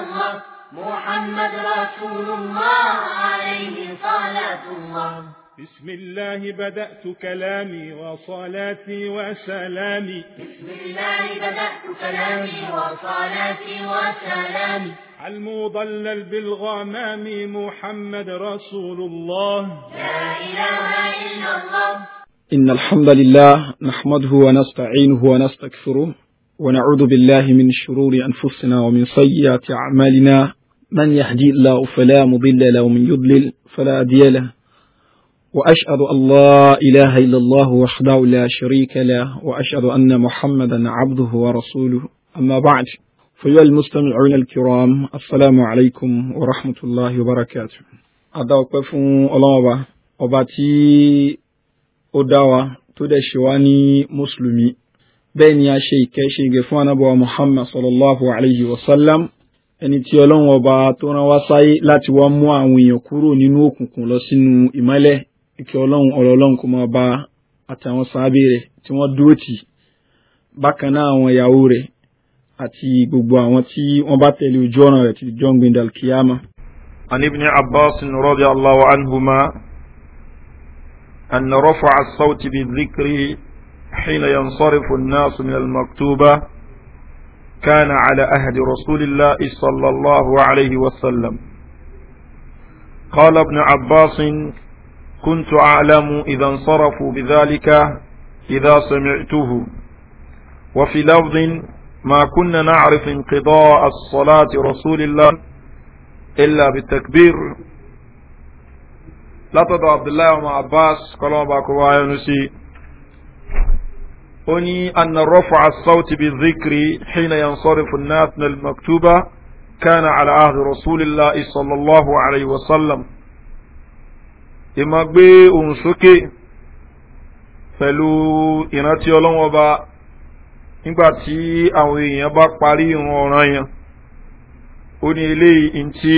الله محمد رسول الله عليه صلاة الله بسم الله بدأت كلامي وصلاتي وسلامي بسم الله بدأت كلامي وصلاتي وسلامي المضلل بالغمام محمد رسول الله لا إله إلا الله إن الحمد لله نحمده ونستعينه ونستكفره ونعوذ بالله من شرور أنفسنا ومن سيئات أعمالنا من يهدي الله فلا مضل له ومن يضلل فلا هادي له وأشهد أن لا إله إلا الله وحده لا شريك له وأشهد أن محمدا عبده ورسوله أما بعد فيا المستمعون الكرام السلام عليكم ورحمة الله وبركاته أدعوك فون الله وباتي أدعوة تدشواني مسلمي bẹ́ẹ̀ ni a ṣe ìkẹ́ṣe ìgbẹ́ fún anábọ̀ muhammad sallallahu alayhi wa sallam ẹni tí ọlọ́run ọba tó rán wá sáyé láti wá mú àwọn èèyàn kúrò nínú òkùnkùn lọ sínú ìmọ́lẹ̀ ìkẹ́ ọlọ́run ọlọ́run kò máa bá àtàwọn sáábì rẹ̀ tí wọ́n dúró tì bákan náà àwọn ìyàwó rẹ̀ àti gbogbo àwọn tí wọ́n bá tẹ̀lé ojú ọ̀ràn rẹ̀ ti john gbendal kiyama. عن ابن عباس رضي الله عنهما أن رفع الصوت بالذكر حين ينصرف الناس من المكتوبة كان على أهد رسول الله صلى الله عليه وسلم قال ابن عباس كنت أعلم إذا انصرفوا بذلك إذا سمعته وفي لفظ ما كنا نعرف انقضاء الصلاة رسول الله إلا بالتكبير لا تضع عبد الله وما عباس قالوا باكوا يا نسي ó ní anna rọ́fà asáwùtì bí zikiri xina yan sọ́rí fún national maktuba kánà alaahdi rasulillah isallallahu alayhi wa sallam ìmọ̀ gbé ohun sókè pẹ̀lú ìrántí ọlọ́wọ́n bá nígbà tí àwọn èèyàn bá parí ìrun ọ̀ràn yẹn ó ní eléyìí ntí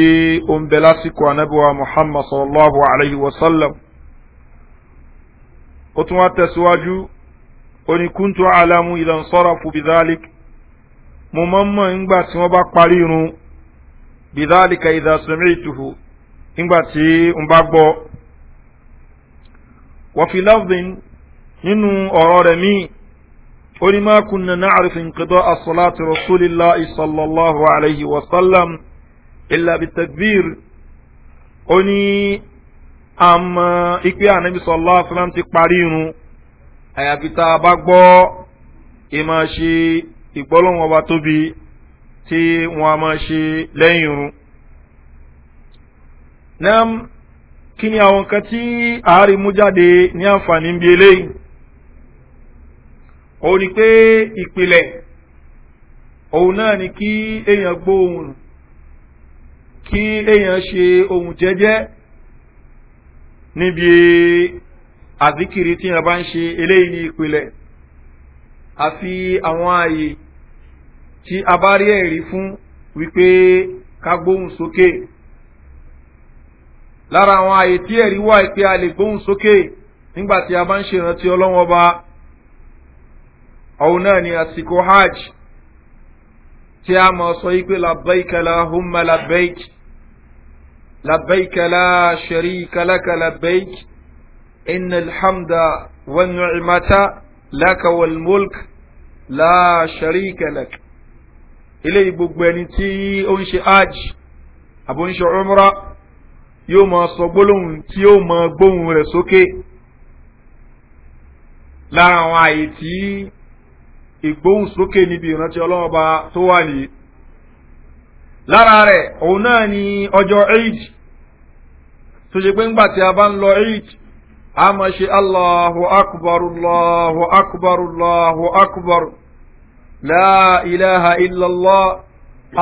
ó ń bẹ lásìkò anábíwá muhammad sallallahu alayhi wa sallam ó tún wá tẹ̀síwájú oni kuntu alamu idan sarafu bidhalik mo máa ń mọ̀ ńgbà tí wọ́n bá parí irun bidhalika idha sami'tuhu ńgbà tí n bá gbọ́. wa fi lafdhin nínú ọ̀rọ̀ rẹ̀ míì oni ma kunna na'rifu inqida'a salati rasulillahi sallallahu alayhi wa sallam illa bitakbir oni àmọ́ ìpè ànábi sallallahu alayhi wa sallam ti parí irun àyàfi tá a bá gbọ́ ìmọ̀ ṣe ìgbọ́lọ́wọ́n ọba tóbi tí wọ́n a máa ṣe lẹ́yìn irun. náà kí ni àwọn nǹkan tí ààrẹ mú jáde ní àǹfààní ń bi eléyìí òun ni pé ìpìlẹ̀ òun náà ni kí èèyàn gbóhùn kí èèyàn ṣe ohun jẹ́jẹ́ níbi àzíkiri tí a bá ń ṣe eléyìí ní ìpìlẹ̀ àfi àwọn ààyè tí a bá rí ẹ̀rí fún wípé ká gbóhùn sókè lára àwọn ààyè tí ẹ̀rí wà pé a lè gbóhùn sókè nígbà tí a bá ń ṣèrántí ọlọ́wọ́n ọba ọ̀hún náà ni àsìkò hajj tí a mọ̀ sọ yí pé labbaikala humma labbaik labbaikala sharikala labbaik. إن الحمد والنعمة لك والملك لا شريك لك إلي بقبانتي أنشي آج أبو أنشي عمره yóò máa sọ gbólóhùn tí yóò máa gbóhùn rẹ̀ sókè lára àwọn àyè tí ìgbóhùn sókè níbi ìrántí ọlọ́ọba tó wà nìyí lára rẹ̀ òun náà ni ọjọ́ eid tó ṣe pé ńgbà tí a bá ń lọ eid a máa ṣe allahu akbar allahu akbar allahu akbar la ilaha illallah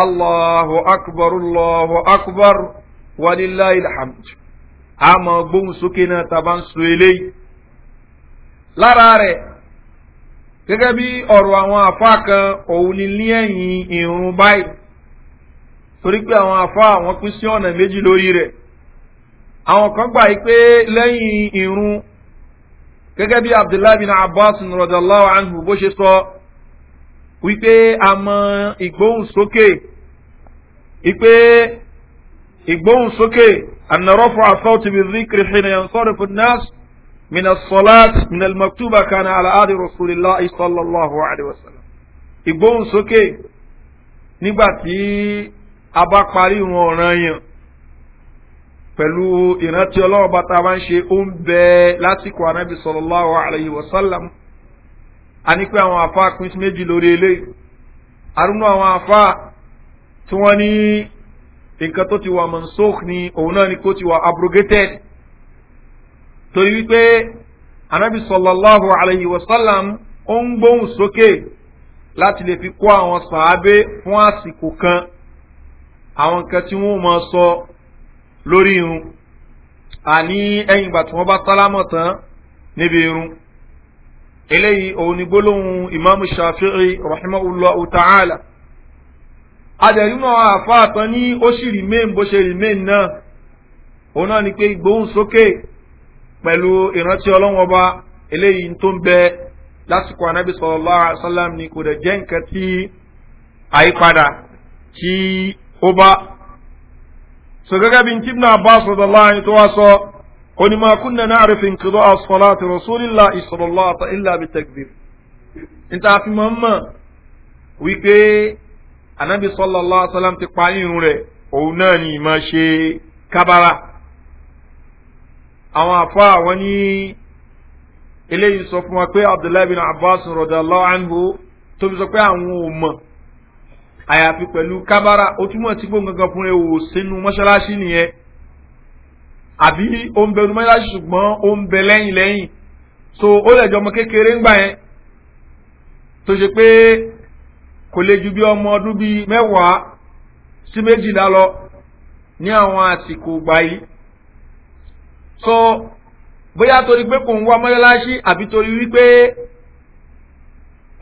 allahu akbar allahu akbar wàlíláà ilhamdu a máa gbóhùn sókè náà tàbá ń so eléyìí lára rẹ̀ gẹ́gẹ́ bí ọ̀rọ̀ àwọn àfá kan òun ni ní ẹ̀yìn báyìí torí pé àwọn àfá àwọn pín sí ọ̀nà méjì lórí rẹ̀ àwọn kan gbà yí pé lẹ́yìn irun gẹ́gẹ́ bí abdullahi bin abbas rọ̀dọ̀láwà anhu bó ṣe sọ wípé a mọ ìgbóhùnsókè wípé ìgbóhùnsókè anarọ́fọ̀ asọ́ọ̀tì bí zikiri ṣẹlẹ̀ yẹn sọ́rọ̀ fún nas min asolat min almaktuba kana al'adi rasulillah sallallahu alaihi wasallam ìgbóhùnsókè nígbà tí a bá parí wọn ọ̀ràn yẹn pẹ̀lú ìrántí ọlọ́run bá ta máa ń ṣe ó ń bẹ lásìkò anábì sọlọ́láhu alayhi wa sallam a ní pé àwọn àfa pín sí méjì lórí eléyìí arúnú àwọn àfa tí wọ́n ní nǹkan tó ti wà mansouk ni òun náà ni kó ti wà abrogated torí wípé anábì sọlọ́láhu alayhi wa sallam ó ń gbóhùn sókè láti lè fi kó àwọn sàábé fún àsìkò kan àwọn nǹkan tí wọ́n máa sọ. So, lórí irun àní ẹ̀yìn ìgbà tí wọ́n bá sálámọ̀ tán níbi irun eléyìí òun ni gbólóhùn imam shafi'i rahimahullah ta'ala adẹ̀rínà àfáàtán ní ó sì remain bó ṣe remain náà òun náà ni pé ìgbóhùn sókè pẹ̀lú ìrántí ọlọ́wọ́n ọba eléyìí tó ń bẹ lásìkò anábì sọlọ́lá àṣálàm ni kò dẹ̀ jẹ́ nǹkan tí àyípadà tí ó bá so gẹ́gẹ́ bí tí ibùnà abbas rọ̀dọ̀lá ni tó wá sọ onímọ̀ akúnnà náà rẹ̀fìn kìlọ́ àsọ̀lá àti rasulilá ìsọ̀lọ́lá àti ilà bí tẹ̀gbìr níta fi mọ̀ mọ̀ wípé anabi sọlọ́lá sọlám ti pa irun rẹ̀ òun náà ni ìmọ̀ ṣe kábàrà àwọn àfa àwọn ní eléyìí sọ wa pé abdullahi bin abbas rọ̀dọ̀lá anhu tó fi sọ pé àwọn ò mọ̀ àyàfi pẹ̀lú kábára ó túmọ̀ tí gbóhùn gangan fún ewu sínú mọ́ṣáláṣí nìyẹn àbí ó ń bẹnu mọ́ṣáláṣí ṣùgbọ́n ó ń bẹ lẹ́yìn lẹ́yìn so ó lẹ̀jọ ọmọ kékeré ń gbà yẹn tó ṣe pé kò lè ju bí ọmọ ọdún bíi mẹ́wàá sí méjìlá lọ ní àwọn àsìkò gbà yìí so bóyá torí pé kò ń wá mọ́ṣáláṣí àbí torí wípé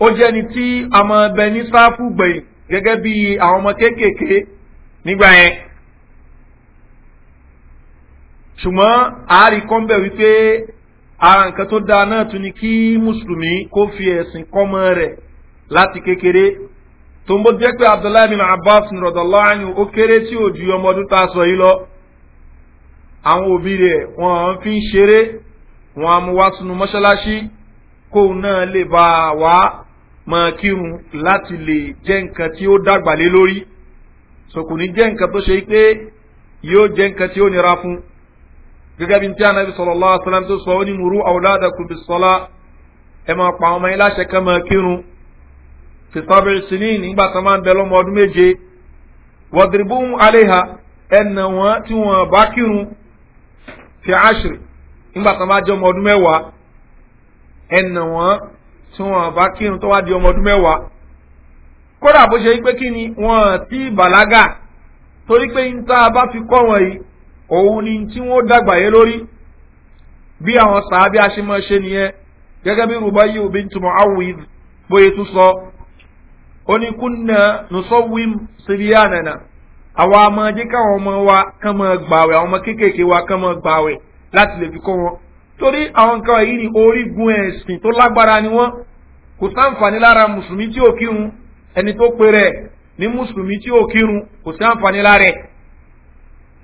ó jẹ́ni tí a máa bẹ ní sáfù gbẹ̀yìn gẹ́gẹ́ bí àwọn ọmọ kéékèèké nígbà yẹn ṣùgbọ́n àárí kan bẹ̀ wípé ara nǹkan tó dáa náà tún ni kí mùsùlùmí kó fi ẹ̀sìn kọ́mọ rẹ̀ láti kékeré tó ń bó jẹ́ pé abdullahi bin abbas rọ̀dọ̀lá àyùn ó kéré tí ò ju ọmọ ọdún tá a sọ yìí lọ àwọn òbí rẹ̀ wọ́n fi ń ṣeré wọ́n á mú wá sínú mọ́ṣáláṣí kóun náà lè bá a wá máa kírun láti lè jẹ́ nǹkan tí ó dàgbà lé lórí sọkùnrin jẹ́ nǹkan tó ṣe pé yóò jẹ́ nǹkan tí ó nira fún gẹ́gẹ́ bí n tí a nàbí sọ̀rọ̀ lọ́wọ́ sọ́lám tó sọ ó ní mùrú àwòládà kù bí sọ́lá ẹ máa pa àwọn ọmọ yín láṣẹ ká máa kírun fìsàbẹ̀rẹ̀ sí ní nígbà tó máa ń bẹ lọ́mọ ọdún méje wọ́dìrìbù ń aléha ẹnà wọn tí wọ́n bá kírun fi àṣírí nígbà tó máa jẹ́ ọmọ ọdún mẹ́wàá ẹnà wọn tí wọn bá kírun tó wá di ọmọ ọdún mẹ́wàá kódà bó ṣe wípé kí ni wọn ti bàlágà torí pé n tá a bá fi kọ́ wọn yìí òun ni tí wọn dàgbà yé lórí bí àwọn sàábí aṣemọ ṣe nìyẹn gẹ́gẹ́ bí rúbọ yìí òbí túmọ̀ awùid bóyá tún sọ ó ní kúnnà nùsọ̀wìm síríyànàna àwọn káwọn ọmọ wa kàn máa gbàwẹ̀ àwọn ọmọ kéékèèké wa kàn máa gbàwẹ̀ láti lè fi kọ́ wọn torí àwọn nǹkan yìí ni orígun ẹ̀sìn tó lágbára ni wọ́n kò sáǹfààní lára mùsùlùmí tí ò kírun ẹni tó pe rẹ̀ ní mùsùlùmí tí ò kírun kò sáǹfààní lára ẹ̀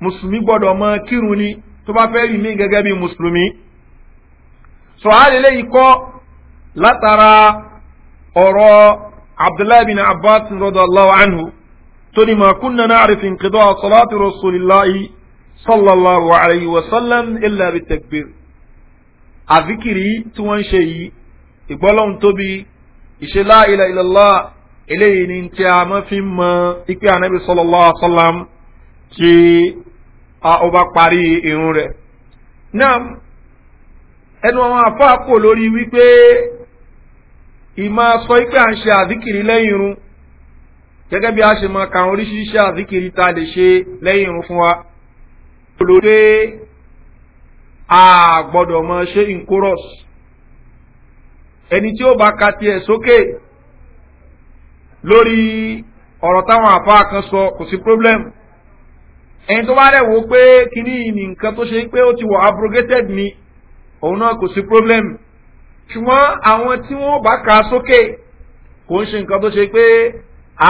mùsùlùmí gbọ́dọ̀ mọ kírun ni tó bá fẹ́ rí mi gẹ́gẹ́ bí mùsùlùmí. sọ̀hálì léyìí kọ́ látara ọ̀rọ̀ abdullahi bin abbas rọ̀dọ̀ allahu anhu tó ní màkúnnà náà àrífin kìdọ́ àṣọlá ti rọ̀ sọ̀lá ilà bí tẹ̀gbẹ̀rẹ̀ àzíkìrí tí wọ́n ń ṣe yìí ìgbọ́lọ́hún tóbi ìṣẹlá ilẹ̀ ìlọ́lá eléyìí ni tí a máa fi mọ ipe anabi sọlọ́lá sọlám tí ó bá parí irun rẹ̀. náà ẹnu àwọn àfáà kò lórí wípé ìmọ̀ sọ ipe à ń ṣe àzíkìrí lẹ́yìn irun gẹ́gẹ́ bí a ṣe máa ka àwọn oríṣiríṣi àzíkìrí tá a lè ṣe lẹ́yìn irun fún wa. olùdé a gbọ́dọ̀ mọ ṣe in chorus ẹni tí ó bá ka tiẹ̀ sókè lórí ọ̀rọ̀ táwọn àfa kan sọ kò sí problem ẹni tó bá rẹ̀ pé kíní ní nǹkan tó ṣe pé ó ti wọ abrogated ni òun náà kò sí problem ṣùgbọ́n àwọn tí wọ́n bá ka sókè kò ń ṣe nǹkan tó ṣe pé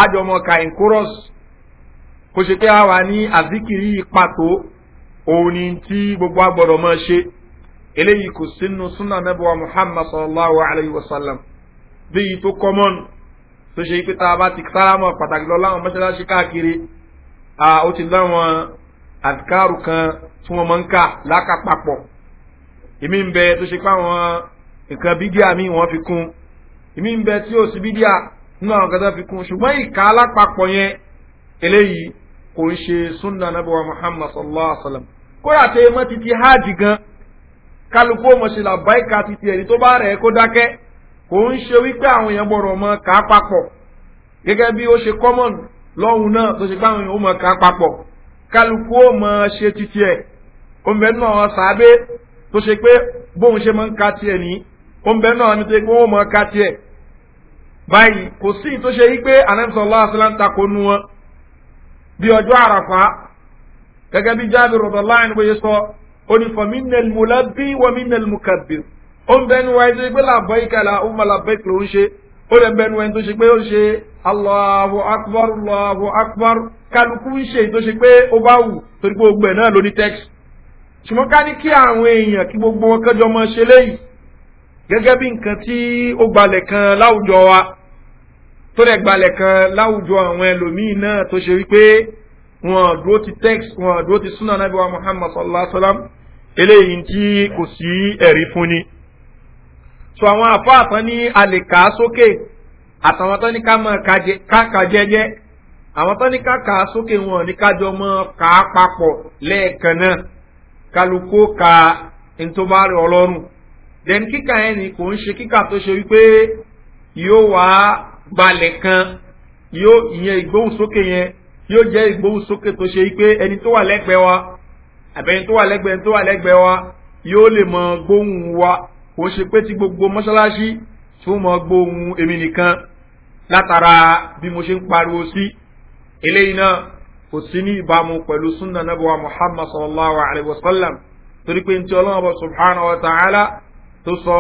àjọmọ̀ ka kò ṣe pé a wà ní àzíkìrí pàtó òun ni tí gbogbo agbọ̀dọ̀ máa ṣe eléyìí kò sínú súnà nẹ́bùwà muhammad sallallahu alayhi wa sallam bí i tó kọ́mọ́n tó ṣe pé tá a bá ti sáramọ̀ pàtàkì lọ láwọn mọ́ṣáláṣí káàkiri ó ti láwọn àdìkárù kan tí wọ́n máa ń kà lákàpapọ̀ èmi ń bẹ tó ṣe pé àwọn nǹkan bídíà mi wọ́n fi kún èmi ń bẹ tí ò sí bídíà nínú àwọn kan fi kún ṣùgbọ́n ìka alápapọ̀ yẹn eléyìí kò ń ṣe súnà nẹ́bùwà muhammad sallallahu alayhi wa sallam kódà tẹ mọ́ ti ti hajj gan kálukú ọmọ ṣe làbáìka ti ti ẹ̀rí tó bá rẹ̀ kó dákẹ́ kò ń ṣe wípé àwọn èèyàn gbọ́dọ̀ mọ kà á papọ̀ gẹ́gẹ́ bí ó ṣe common lọ́hùn náà tó ṣe pé àwọn èèyàn ó mọ kà á papọ̀ kálukú ọmọ ṣe ti ti náà sàábé tó ṣe pé bóun ṣe mọ́ ń ka tiẹ̀ ní òǹbẹ̀ náà ni tó ṣe pé wọ́n mọ́ ka tiẹ̀ báyìí kò sí tó ṣe wípé anamsọ̀lá asọ́lá ń gẹ́gẹ́ bí jáde rọ̀dọ̀ láàrin bóyá sọ ó ní fọ mínel mùlábí wọ mínel mùkàbí ó ń bẹnu wa ẹni pé làbọ̀ ìkàlà ó ma làbọ̀ ìkàlà ó ń ṣe ó lè bẹnu ẹni tó ṣe pé ó ń ṣe allahu akbar allahu akbar kálukú ń ṣe tó ṣe pé ó bá wù torí pé gbogbo náà ló ní ṣùgbọ́n ká ní kí àwọn èèyàn kí gbogbo wọn kẹjọ mọ ṣe léyìí gẹ́gẹ́ bí nǹkan tí ó gbalẹ̀ kan láwùjọ wa tó dẹ̀ gbalẹ̀ kan láwùjọ àwọn ẹlòmíì náà tó ṣe wípé wọn dúró ti text wọn dúró ti sunna nabi wa muhammad sallallahu alaihi wa sallam eléyìí tí kò sí ẹ̀rí fún ni. so àwọn àfáà tán ní alè kà á sókè àtàwọn tán ní ká mọ káka jẹjẹ àwọn tán ní ká kà á sókè wọn ní kájọ mọ kà á papọ̀ lẹ́ẹ̀kan náà kálukó ka ntòbárẹ̀ ọlọ́run then kíkà yẹn ni kò ń ṣe kíkà tó ṣe wípé yóò wá balẹ̀ kan yóò ìyẹn ìgbóhùnsókè yẹn yóò jẹ́ ìgbóhùnsókè tó ṣe pé ẹni tó wà lẹ́gbẹ̀ẹ́ wa àbẹ̀yìn tó wà lẹ́gbẹ̀ẹ́ tó wà lẹ́gbẹ̀ẹ́ wa yóò lè mọ gbóhùn wa kò ṣe pé ti gbogbo mọ́ṣáláṣí tó mọ gbóhùn èmi nìkan látara bí mo ṣe ń pariwo sí eléyìí náà kò sí ní ìbámu pẹ̀lú sunna nabawa muhammad sallallahu alayhi wa sallam torí pé ntí ọlọ́run ọba subhanahu wa ta'ala tó sọ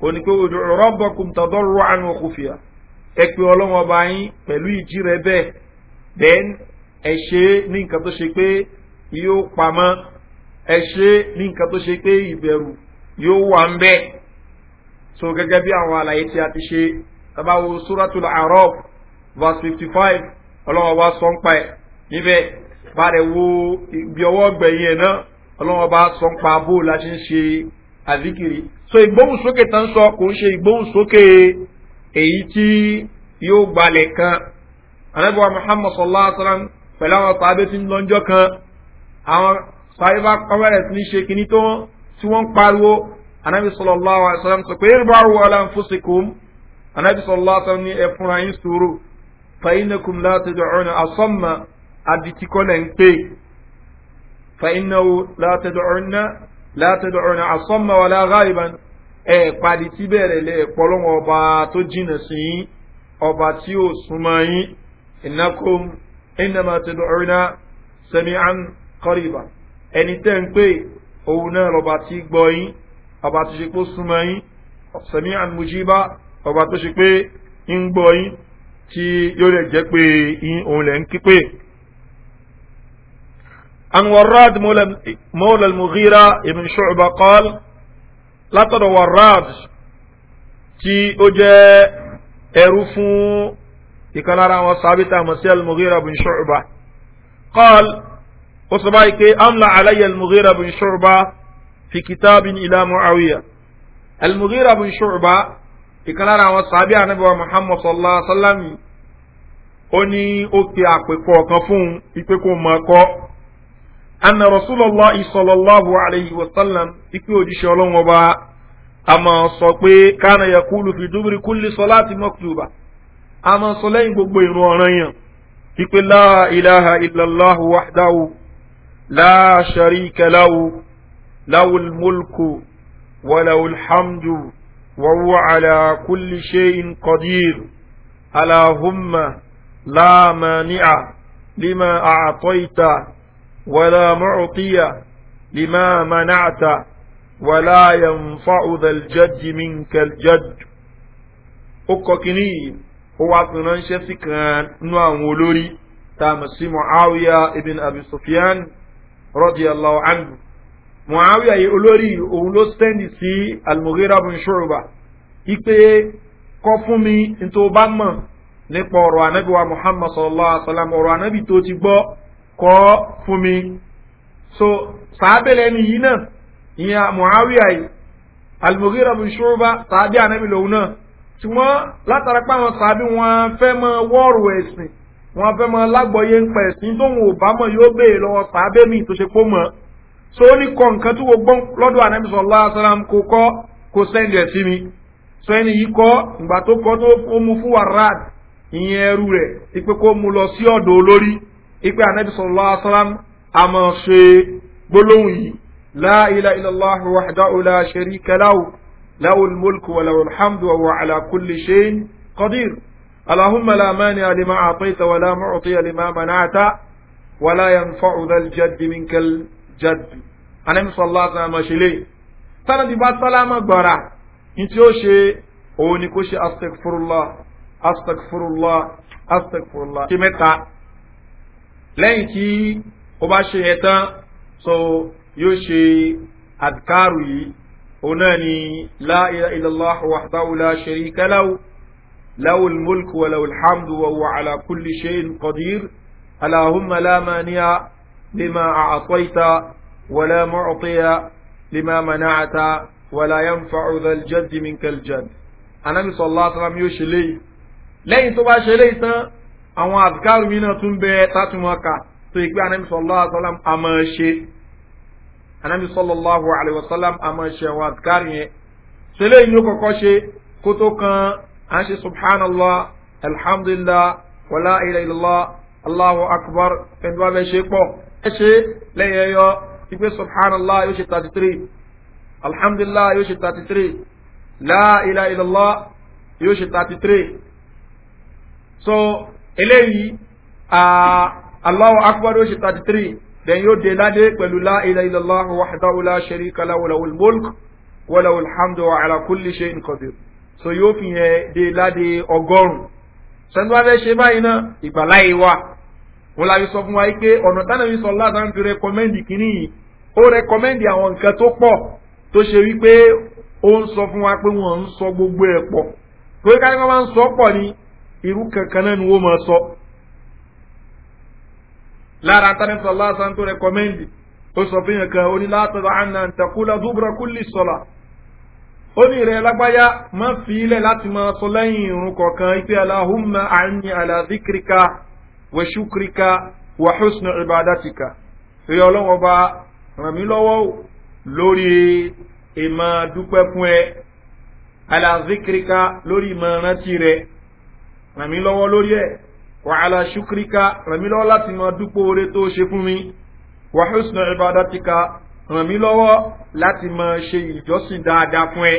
òní pé ojú rọ́bọ̀kùn tàdọ́rọ̀ àánú òkúfìà ẹ pé ọlọ́run ọba yín pẹ̀lú ìjì rẹ bẹ́ẹ̀ bẹ́ẹ̀ ẹ ṣe é ní nǹkan tó ṣe pé yóò pamọ́ ẹ ní nǹkan tó ṣe pé ìbẹ̀rù yóò wà ń bẹ́ so gẹ́gẹ́ bí àwọn àlàyé tí a ti ṣe tabawo suratul araf verse fifty five ọlọ́wọ́ bá sọ ń pa ẹ̀ níbẹ̀ bá rẹ̀ wo ibi ọwọ́ gbẹ̀yìn ẹ̀ náà ọlọ́wọ́ sọ ń pa bó la ṣe ń ṣe àzíkiri so ìgbóhùnsókè tán sọ kò ń ṣe ìgbóhùnsókè èyí tí yóò gbalẹ̀ kan anabiwa muhammad sallallahu alaihi wa sallam pẹ̀lú àwọn pàdé tí ń lọ́njọ́ kan àwọn pàdé bá pàmẹ́rẹ̀ tí ń ṣe kìíní tó tí wọ́n ń pariwo anabi sọlọ́lá wa sọlọ́m sọ pé irúgbà rú wa láǹ fún sikùn anabi sọlọ́lá sọ ní ẹ yín sòrò fàyínàkùn láti dọ̀ọ́nà àsọ́mà àdìtíkọ́lẹ̀ ń pè fàyínàwó láti dọ̀ọ́nà láti dọ̀ọ́nà àsọ́mà wà láàgáyìbá ẹ pàdé tí bẹ̀rẹ̀ lẹ̀ pọ̀lọ́wọ́ ọba tó jìnà sí ọba tí ó súnmọ́ yín ìnákùn إنما تدعونا سميعا قريبا ẹni tẹ́ ń pè òun náà lọ́ba tí gbọ́ yín ọba tó ṣe pé súnmọ́ yín sami almujiba ọba tó ṣe pé ń gbọ́ yín tí yóò lè jẹ́ pé òun lè ń kí عن وراد مولى المغيرة ابن شعبة قال látọ̀dọ̀ وراد tí ó jẹ́ ẹrú ìkan lára àwọn sábítà masiel mughira bin shu'ba qal ó sọ báyìí pé amla alayya mughira bin shu'ba fi kitabin ila muawiya al-mughira bin shu'ba ìkan lára àwọn sábí ànábi wa muhammad sallallahu alaihi wa sallam ó ní ó pe àpèkọ kan fún un ipe kó mọ ọkọ anna rasulallah isallallahu alayhi wa sallam ipe òjíṣẹ́ ọlọ́wọ́n ọba a máa sọ pé kánà yakulu fi dúbìrì kúlì sọláàtì mọ́kùtùbà ama máa sọ lẹ́yìn gbogbo ìrún ọ̀ràn yàn wípé la ìlàhà ìlàláhu wàdáwù láà ṣàríkà láwù láwù múlùkù wàláwù hàmdù wàwù àlàkùlì ṣe ìkọdír aláhùmmà láàmàníà lima àtọ́ìta la mọ̀ọ́tíyà lima manáta wàlá yẹn fa'udal jajji min kal jajj. ó kọ kìíní yìí ó wá fi ránṣẹ́ sí kan nú àwọn olórí tá a mọ̀ sí muawiya ibn abi sufyan rọ́dí allahu anhu muawiya yìí olórí òun ló sẹ́ndì sí almughira bin shuruba ipe kọ́ fún mi nítorí bá mọ̀ nípa ọ̀rọ̀ anabi wa muhammad sallallahu alaihi wa sallam ọ̀rọ̀ anabi tó ti gbọ́ kọ́ fún mi so sábẹ́lẹ̀ ni yìí náà ìyẹn muawiya yìí almughira bin shuruba sábẹ́ anabi lòun náà tí wọ́n látara pé àwọn sàbí wọn fẹ́ mọ wọ́ọ̀rù ẹ̀sìn wọn fẹ́ mọ lágbọ̀ọ́yé ń pẹ̀ sí tóun ò bá mọ̀ yóò béèrè lọ́wọ́ sàbẹ́ mi tó ṣe pó mọ̀ so ó ní kọ nǹkan tí wọ́n gbọ́n lọ́dọ̀ ànábìsọ̀ aláṣàlám kò kọ́ kò sẹ́ndì ẹ̀ sí mi so ẹni yìí kọ́ ìgbà tó kọ́ tó ó mu fún warad ìyẹn ẹrú rẹ̀ ipe kó mu lọ sí ọ̀dọ̀ olórí ipe ànábìsọ̀ aláṣàlám àmọ̀ ṣe gbólóhùn yìí láìláìláìláhùn wàhádà ọ̀là ṣẹ̀rí kẹláwù له الملك وله الحمد وهو على كل شيء قدير اللهم لا مانع لما أعطيت ولا معطي لما منعت ولا ينفع ذا الجد منك الجد أنا صلى الله عليه وسلم tánà ti bá sálámà gbàrà ní tí ó ṣe òun ni kó ṣe astagfurullah astagfurullah astagfurullah ṣe mẹ́ta tí ó bá ṣe yẹn tán so yóò ṣe àdìkárù yìí òun náà ni láìlá ilàlá wàhálà la ṣerí kẹláwó láwò mulku wa láwò alhamdu wa wa ala kulli shayin qadir allahumma la maniya lima a atoita wa la mu'tiya lima mana'ata wa la yanfa'u dhal jaddi minkal jadd anabi sallallahu alaihi wasallam yóò ṣe léyìí lẹ́yìn tó bá ṣe léyìí tán àwọn àbíkárù mi náà tún bẹ tátùmọ̀ọ́ka tó yẹ pé anabi sallallahu alaihi wasallam a máa ṣe anabi sallallahu alayhi wa sallam àmọ́ ṣe àwọn àdìkárì yẹn ṣẹlẹ̀ yìí ló kọ́kọ́ ṣe kó tó kan à ń ṣe subhanallah alhamdulilah wàlá ilẹ̀ ilọ́lá allahu akbar ẹni wàá bẹ ṣe pọ̀ ẹ ṣe lẹ́yìn ẹyọ ìgbé subhanallah yóò ṣe thirty three alhamdulilah yóò ṣe thirty three láà ilẹ̀ ilọ́lá yóò ṣe thirty three so eléyìí ah, allahu akbar yóò ṣe thirty then yóò dé ládé pẹ̀lú láìlẹ̀ ilẹ̀lá wàhálà ṣẹ̀rí kala wàlàwùl mọ́lk wàlàwùl hamdu ala kulli ṣe nkọ̀dé so yóò fi yẹn dé ládé ọgọ́rùn-ún sẹ́ńtọ́ abẹ́ ṣe báyìí náà ìgbàláyé wa wọn la fi sọ fún wa yìí pé ọ̀nà tánà fi sọ láti fi rẹkọmẹ́ndì kínní yìí ó rẹkọmẹ́ndì àwọn nǹkan tó pọ̀ tó ṣe wípé ó ń sọ fún wa pé wọ́n ń sọ gbogbo ẹ̀ pọ̀ lára tani sọlá san tó rẹkọmẹ́ndì ó sọ fún yẹn kan ó ní látọ̀dọ̀ àná ntakula dúbúra kúlì sọlá ó ní ìrẹ̀ lágbáyá má fi ilẹ̀ láti máa sọ lẹ́yìn irun kọ̀ọ̀kan ipe aláhùnmá àní àlàzíkìríkà wẹ̀ṣúkìríkà wàhùsùn ìbàdàtìkà ìrẹ̀ ọlọ́wọ́ bá ràn mí lọ́wọ́ lórí ìmọ̀ dúpẹ́ ẹ àlàzíkìríkà lórí ìmọ̀ rántí rẹ̀ ràn mí lọ́wọ́ lórí ẹ̀ wàhálà ṣúkúríkà ràn mí lọ́wọ́ láti máa dúpò oore tó ṣe fún mi wàhálùsùn ìbádàtìkà ràn mí lọ́wọ́ láti máa ṣe ìjọsìn dáadáa fún ẹ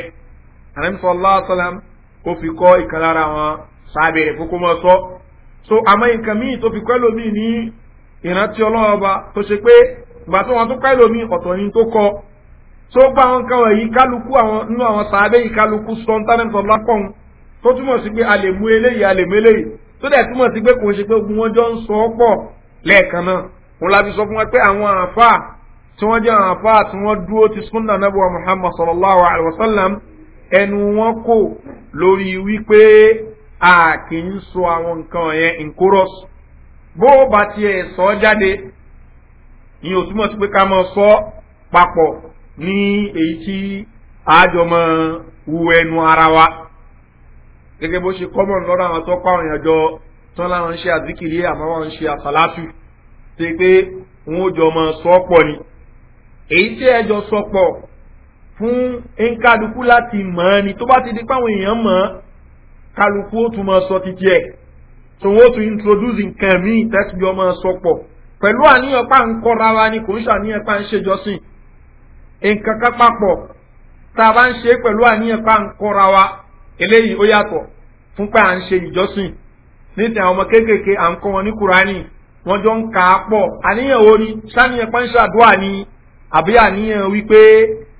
àrẹ́mísọ́lá sálám ó fi kọ́ ìkan wọn sábẹ̀rẹ̀ fún kó mọ́ sọ so àmọ́ nǹkan míì tó fi kọ́ lómi ní ìrántí ọlọ́wọ́ ọba tó ṣe pé ìgbà tó wọn tó kọ́ lómi ọ̀tọ̀ ni tó kọ́ tó bá wọn kọ́ èyí kálukú àwọn nínú àwọn sábẹ́ yìí kálukú sọ ń tánẹ́tọ̀ tó dẹ̀ túmọ̀ sí pé kò ń ṣe pé gbogbo wọn jọ ń sọ ọ́ pọ̀ lẹ́ẹ̀kan náà òun la fi sọ fún wa pé àwọn àfa tí wọ́n jẹ́ àwọn tí wọ́n dúró ti sunna nabi wa muhammad sallallahu alayhi wa sallam ẹnu wọn kò lórí wípé a kì í sọ àwọn nǹkan yẹn in bó o bá tiẹ̀ sọ jáde ìyẹn ò túmọ̀ sí pé ká máa sọ gẹ́gẹ́ bó ṣe kọ́mọ̀ lọ́dọ̀ àwọn tó kọ́ àwọn ìyànjọ tán láwọn ń ṣe àzíkìrí àmọ́ wọn ń ṣe àsàlátù ṣe pé wọn ò jọ máa sọ pọ̀ ni èyí tí ẹ jọ sọ fún nkálukú láti mọ̀ ọ́ ni tó bá ti di páwọn èèyàn mọ̀ ọ́ kálukú ó tún máa sọ títí ẹ̀ tó wọ́n tún introduce nǹkan míì tẹ́tùjọ́ máa sọ pọ̀ pẹ̀lú àníyàn pa ń wa ni kò ń ṣàníyàn pa ń ṣèjọsìn nǹkan kan papọ̀ tá a bá ń ṣe pẹ̀lú àníyàn pa ń wa eléyìí ó yàtọ̀ fún pé à ń ṣe ìjọsìn nísìnyí àwọn ọmọ kéékèèké à ń kọ́ wọn ní kúránì wọ́n jọ ń kà á pọ̀ àníyàn wo ni sáníyàn pánṣáàdúà ni àbí àníyàn wípé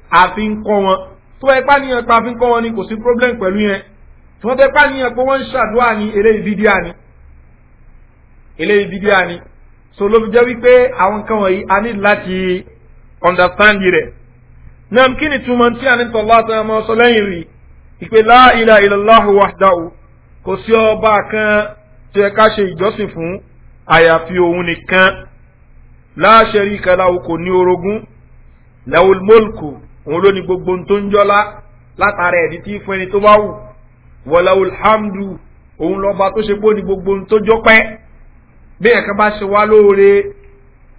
a fi ń kọ́ wọn tó ẹ pàníyàn pa fi ń kọ́ wọn ni kò sí problem pẹ̀lú yẹn tí wọ́n tẹ pàníyàn pé wọ́n ń ṣàdúà ni eré ìbídíà ni eré ìbídíà ni so ló fi jẹ́ wípé àwọn nǹkan wọ̀nyí a ní láti understand rẹ̀ náà kí ni túmọ̀ tí a ní tọ́lá tó ẹ mọ́ sọ lẹ́yìn rí ìpè láìla ìlàláhu wàhdáhu kò sí ọba kan tó yẹ ká ṣe ìjọsìn fún àyàfi òun nìkan láṣẹ rí ìkàlà oko ní orogún lẹ́wọ̀n mọ́lùkù òun ló ní gbogbo tó ń jọ́lá látara ẹ̀dí tí fún ẹni tó bá wù wọ̀lẹ́wọ̀n hamdu òun lọ́ba tó ṣe gbóni gbogbo tó jọ́pẹ́ bí ẹ̀ka bá ṣe wá lóore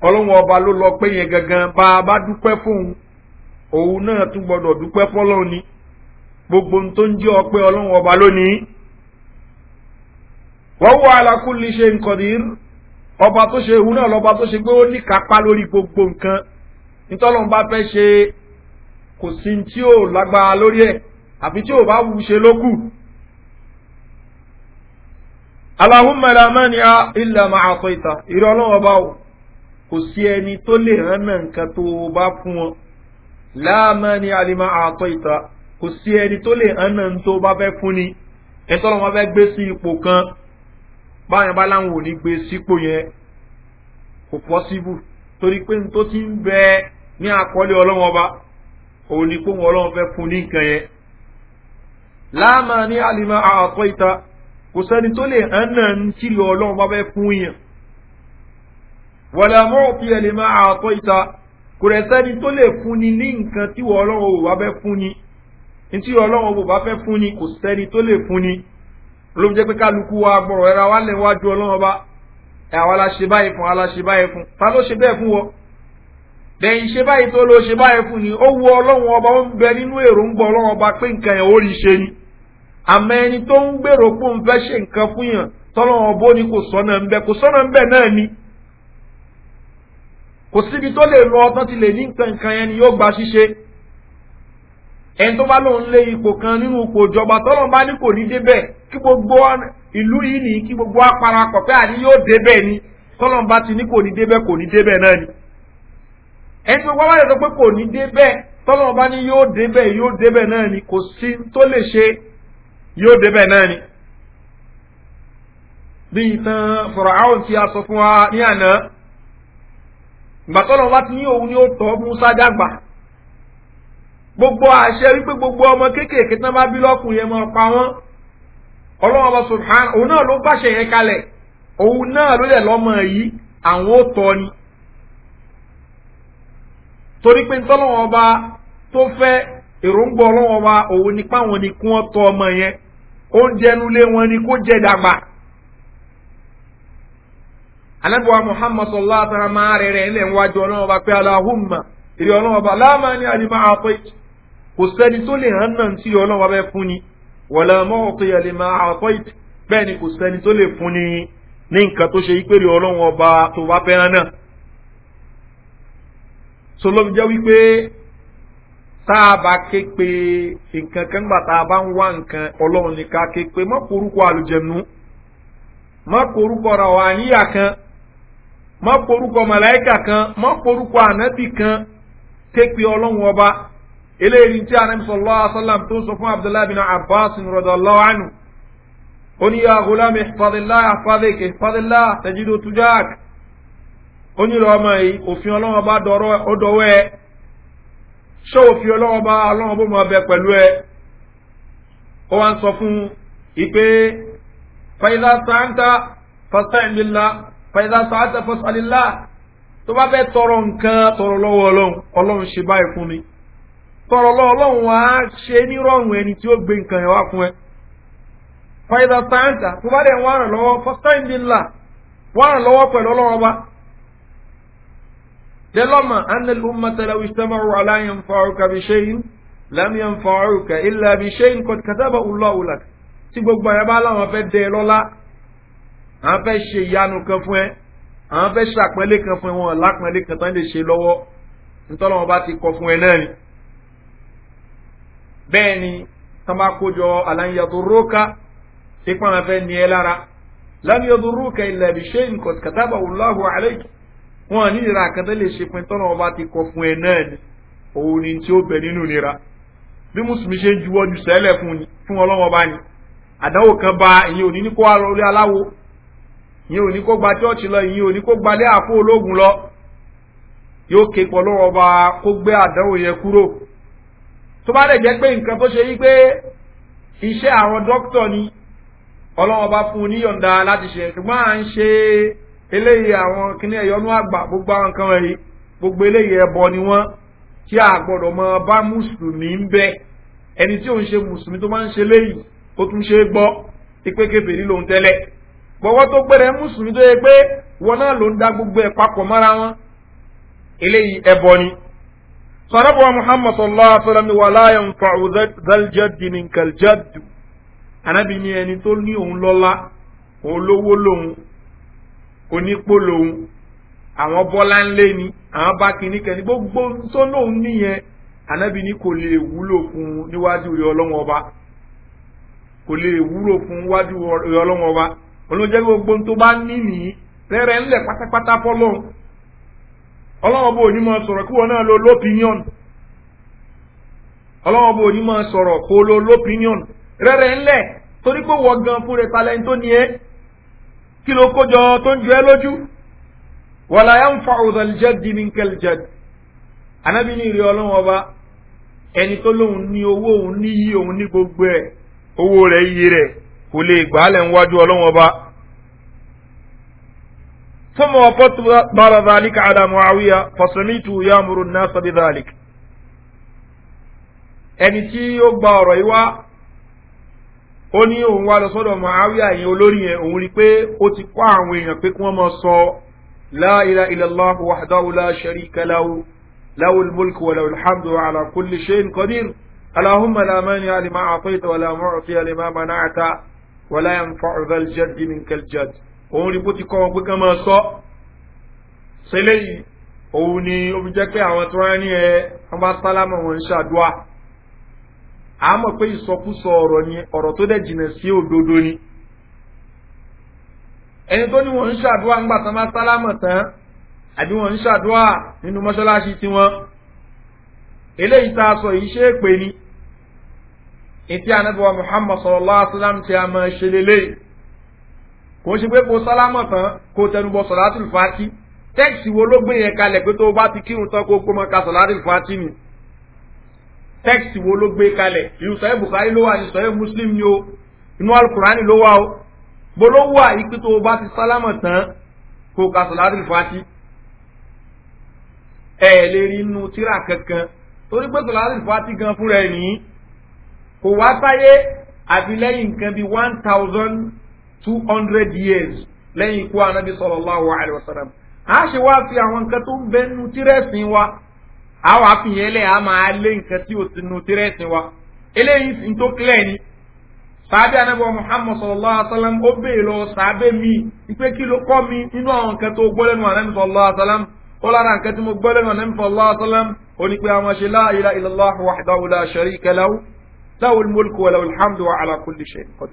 ọlọ́wọ́n ọba ló lọ pé yẹn gangan bá a bá dúpẹ́ fóun òun náà tún gbọ́dọ̀ dúpẹ́ fọ́lọ́ gbogbo tó ń jẹ́ ọpẹ́ ọlọ́wọ́n ọba lónìí wọ́n wọ alákùnrin ṣe nǹkan ní ọba tó ṣe ewu náà lọ́ba tó ṣe pé ó ní kápá lórí gbogbo nǹkan nítọ́lọ́n bá fẹ́ ṣe kò sí tí ò lágbára lórí ẹ̀ àfi tí ò bá wù ṣe lókù. aláhùnmọ̀ ẹ̀rọ mẹ́ni á ilẹ̀ máa àtọ̀ ìta ìrọ̀ ọlọ́wọ́ bá wò kò sí ẹni tó lè hàn náà nǹkan tó bá fún wọn láàmẹ́ni alìmọ̀ àtọ̀ ìta kò sí ẹni tó lè hàn náà tó bá fẹ́ fún ni ẹ̀tọ́lọ́wọ́ fẹ́ gbé sí ipò kan báyẹn bá láwọn ò ní gbé sípò yẹn kò pọ́síbù torí pé n tó ti ń bẹ ní àkọlé ọlọ́wọ́n ọba òun ni kóhun ọlọ́wọ́n fẹ́ fún ní nǹkan yẹn láàmà ní àlìmọ́ àkọ́ ìta kò sẹ́ni tó lè hàn náà ń kílò ọlọ́wọ́n bá fẹ́ fún yẹn wọ̀lẹ̀ àmọ́ òfin àlìmọ́ àkọ́ ìta kò rẹ̀ sẹ́ni tó lè fún ni ní nǹkan tí ọlọ́wọ́n ò bá fẹ́ fún ni ló jẹ́ pé kálukú wa gbọ́rọ̀ ẹ̀ra wa lẹ̀ wájú ọlọ́run ọba àwọn aláṣẹ báyìí fún aláṣẹ báyìí fún ta ló ṣe bẹ́ẹ̀ fún wọ lẹ́yìn ṣe báyìí tó ló ṣe báyìí fún ni ó wu ọlọ́run ọba ó ń bẹ nínú èròǹgbà ọlọ́run ọba pé nǹkan yẹn ó rí ṣe ni àmọ́ ẹni tó ń gbèrò pé òun fẹ́ ṣe nǹkan fún yàn tọ́lọ́run ọba ó kò sọ́nà ń bẹ kò sọ́nà ń bẹ náà ni kò síbi tó lè lọ ọtán ti lè ní nǹkan nǹkan yẹn ni yóò gba ṣíṣe ẹni tó bá lóun lé ipò kan nínú ipò ìjọba tọ́lọ́n bá ní kò ní débẹ̀ kí gbogbo ìlú yìí ní kí gbogbo aparapọ̀ pé àní yóò débẹ̀ ni tọ́lọ́n bá ti ní kò ní débẹ̀ kò ní débẹ̀ náà ni ẹni tó gbọ́ wáyé sọ pé kò ní débẹ̀ tọ́lọ́n bá ní yóò débẹ̀ yóò débẹ̀ náà ni kò sí tó lè ṣe yóò débẹ̀ náà ni. bí ìtàn fọ̀rọ̀ àwọn tí a sọ fún wa ní àná ìgbà tọ́lọ́n bá ti ní òun ni ó tọ́ gbogbo àṣẹ wípé gbogbo ọmọ keke tán bá bí lọ́kùnrin ma máa pa wọ́n ọlọ́run ọba subhan òun náà ló gbàṣẹ yẹn kalẹ̀ òun náà ló lẹ̀ lọ́mọ yìí àwọn ni torí pé ntọ́lọ́wọ́n ọba tó fẹ́ ọba òun ni ọmọ yẹn oúnjẹ wọn ni kó jẹ dàgbà muhammad sallallahu alaihi wa sallam rẹ̀ rẹ̀ ńlẹ̀ ń kò sẹ́ni tó lè hàn náà tí ọlọ́run wa bẹ́ fún ni wọ̀lá mọ́ọ̀tì yẹn lè máa àkọ́ ìtì bẹ́ẹ̀ ni kò sẹ́ni tó lè fún ni ní nǹkan tó ṣe ìpèrè ọlọ́run ọba tó bá fẹ́ràn náà. sọlọ́mi jẹ́ wípé tá a bá ké pe nǹkan kan gbà tá a bá ń wá nǹkan ọlọ́run ní ká ké pe má korúkọ àlùjẹ̀nu má korúkọ ra wà níyà kan má korúkọ màláìkà kan má korúkọ ànábì kan ké pe ọlọ́run ọba eléyìí tí anabi sọlọ́ asọ́làm tó sọ fún abdullahi bin abbas rọ̀dọ̀lọ́ àánú ó ní agolami ìfadìlá àfadìkè ìfadìlá tẹ̀jídó tujak ó ní lọ́mọ yìí òfin ọlọ́wọ́ bá dọ̀wọ́ ẹ ṣé òfin ọlọ́wọ́ bá ọlọ́wọ́ bó máa bẹ pẹ̀lú ẹ ó wá ń sọ fún ìpè fàyílá sàǹtà fàṣẹ́ǹdìlá fàyílá sàǹtà fàṣàlìlá tó bá fẹ́ tọrọ nǹkan tọrọ lọ́wọ́ ọlọ́run ọlọ́run ṣe báyìí fún mi tọrọ lọ́ọ̀lọ́hún wá ṣe nírọ̀rùn ẹni tí ó gbé nǹkan ẹ̀ wá fún ẹ. fàyẹ̀dà sáńtà tó bá dẹ̀ ń wá ràn lọ́wọ́ fọ́sítẹ́ǹ bí ńlá wá ràn lọ́wọ́ pẹ̀lú ọlọ́run ọba. dẹ́lọ́mà anẹ́lú mọ́tẹ́lá wíṣítẹ́mọ̀rù aláyẹn fọ́ọ̀rùkà bí ṣéyìn lẹ́mìíyàn fọ́ọ̀rùkà ilẹ̀ bí ṣéyìn kọ́tàbà ulọ́ọ̀lá tí gbogbo ẹ̀ bá láwọn fẹ́ dẹ lọ́lá àwọn fẹ́ ṣe ìyanu kan fún ẹ àwọn fẹ́ ṣàpẹ́lẹ́ kan fún ẹ wọn lápẹ́lẹ́ kan tán lè ṣe lọ́wọ́ ntọ́lọ́wọ́n bá ti kọ fún ẹ náà ni bẹ́ẹ̀ ni tamakojọ alanyaduruka ikpana fẹ́ ni ẹ lára lanyaduruka ilẹ̀ ibiṣẹ́ nǹkan kàtàbà wùláhù àlẹ́kì wọn ní ìra àkàtà lè ṣe pin tọ́nà ọba ti kọ fún ẹ náà ni òun ni tí ó bẹ nínú nira bí mùsùlùmí ṣe ń juwọ́ ju sẹ́lẹ̀ fún ọlọ́wọ́ bá ni àdánwò kan ba ìyẹn òní ní kó wá lórí aláwo ìyẹn òní kó gba chọ́ọ̀chì lọ ìyẹn òní kó gbalẹ́ àpò ológun lọ yóò ké pọ̀ lọ́wọ́ ọba kó gbé àdánwò yẹn kúrò tó bá lè jẹ́ pé nǹkan tó ṣe yí pé iṣẹ́ àwọn dókítọ̀ ni ọlọ́wọ́ bá fún un níyọ̀ǹda láti ṣe ṣùgbọ́n à ń ṣe eléyìí àwọn kíní ẹ̀yọ́nú àgbà gbogbo àwọn nǹkan wọ̀nyí gbogbo eléyìí ẹ̀bọ ni wọ́n tí a gbọ́dọ̀ mọ bá mùsùlùmí ń bẹ ẹni tí òun ṣe mùsùlùmí tó máa ń ṣe léyìí ó tún ṣe gbọ́ ìpékebè lílo ń tẹ́lẹ̀ gbọ́wọ́ tó pẹ̀rẹ̀ mùsùlùmí tó yẹ pé wọn náà ló ń da gbogbo ẹ̀ papọ̀ mọ́ra wọn eléyìí ẹ̀bọ ni farabuwa muhammadu sallallahu alaihi wa sallam ni wàlá yẹn fàcú zaljaddi min kaljaddu anabi ni ẹni tó ní òun lọ́la òun lówó lòun àwọn bọ́lá ni àwọn bá kínní kẹ́ni gbogbo nìyẹn ni kò lè wúlò fún níwájú rẹ ọlọ́wọ́n ọba kò lè wúlò fún níwájú rẹ ọlọ́wọ́n ọba olóńjẹ́ gbogbo tó bá ní ọlọ́wọ́ bó ní máa sọ̀rọ̀ kí wọ́n náà lo lópinion ọlọ́wọ́ bó ní máa sọ̀rọ̀ kó lo lópinion rẹ́rẹ́ ńlẹ̀ torí pé wọ́n gan fún rẹ̀ talẹ́ntó ni ẹ́ kí ló kójọ tó ń jọ ẹ́ lójú wàlá yà ń fa òdàlìjẹ́ di mi kẹlìjẹ́ anábì ní ìrì ọlọ́wọ́ bá ẹni tó lóun ní owó òun níyì òun ní gbogbo ẹ̀ owó rẹ̀ iye rẹ̀ kò lè gbàálẹ̀ ńwájú ọlọ́wọ́ ثم وقت بعد ذلك على معاوية فسمعت يامر الناس بذلك أني تي يقبار أيوة أني هو على صدر معاوية يولوني أولي كي أتي قاعوين كي ما صو لا إله إلا الله وحده لا شريك له له الملك وله الحمد على كل شيء قدير اللهم لا مانع لما أعطيت ولا معطي لما منعت ولا ينفع ذا الجد منك الجد òun rí bó ti kọ́ wọn pé kán máa sọ ṣẹlẹ̀ yìí òun ni ó fi jẹ́ pé àwọn tí wọ́n ní ẹ wọ́n bá sálámà wọn ń ṣàdúà a mọ̀ pé ìsọkúsọ ọ̀rọ̀ ni ọ̀rọ̀ tó dẹ̀ jìnà sí òdodo ni ẹni tó ní wọn ń ṣàdúà ńgbà tán bá sálámà tán àbí wọn ń ṣàdúà nínú mọ́ṣáláṣí tiwọn eléyìí tá a sọ yìí ṣe é pè ní ìtí ànábọ̀ muhammad sallallahu alaihi wa sallam ti a máa ṣe lélẹ́yìí kò ṣe pé kò sálámọ̀ tán kò tẹnubọ sọ̀rọ̀tìlù fati tẹ́ẹ̀sì wo ló gbé yẹn kalẹ̀ pé tó o bá ti kírun tán kó kó mọ ka sọ̀rọ̀tìlù fati ni tẹ́ẹ̀sì wo ló gbé kalẹ̀ ìlú sọ̀rọ̀ bukari ló wà ní sọ̀rọ̀ muslim ni o inú alukurani ló wà o bolówó àyíkú tó o bá ti sálámọ̀ tán kó ka sọ̀rọ̀tìlù fati ẹ̀ lè rí inú tíra kankan torí pé sọ̀rọ̀tìlù fati gan fúnra ẹ̀ nìyí kò wá sáyé àbí lẹ́yìn nǹkan bíi one thousand two hundred years lẹ́yìn ikú anabi sallallahu alayhi wa sallam a ṣe wá fi àwọn nǹkan tó ń bẹ nu tírẹ̀sìn wa a wà á fi yẹn lẹ̀ a máa lé nǹkan tí o ti nu tírẹ̀sìn wa eléyìí n tó kílẹ̀ ni sàbẹ̀ anábọ̀ muhammad sallallahu alayhi wa sallam ó bèè lọ sàbẹ̀ mi ìpè kí ló kọ́ mi nínú àwọn nǹkan tó gbọ́ lẹ́nu anabi sallallahu alayhi wa sallam ó lára nǹkan tí mo gbọ́ lẹ́nu anabi sallallahu alayhi wa sallam ó ní pé a máa ṣe láàyè ilàlá wàhídáwò la wa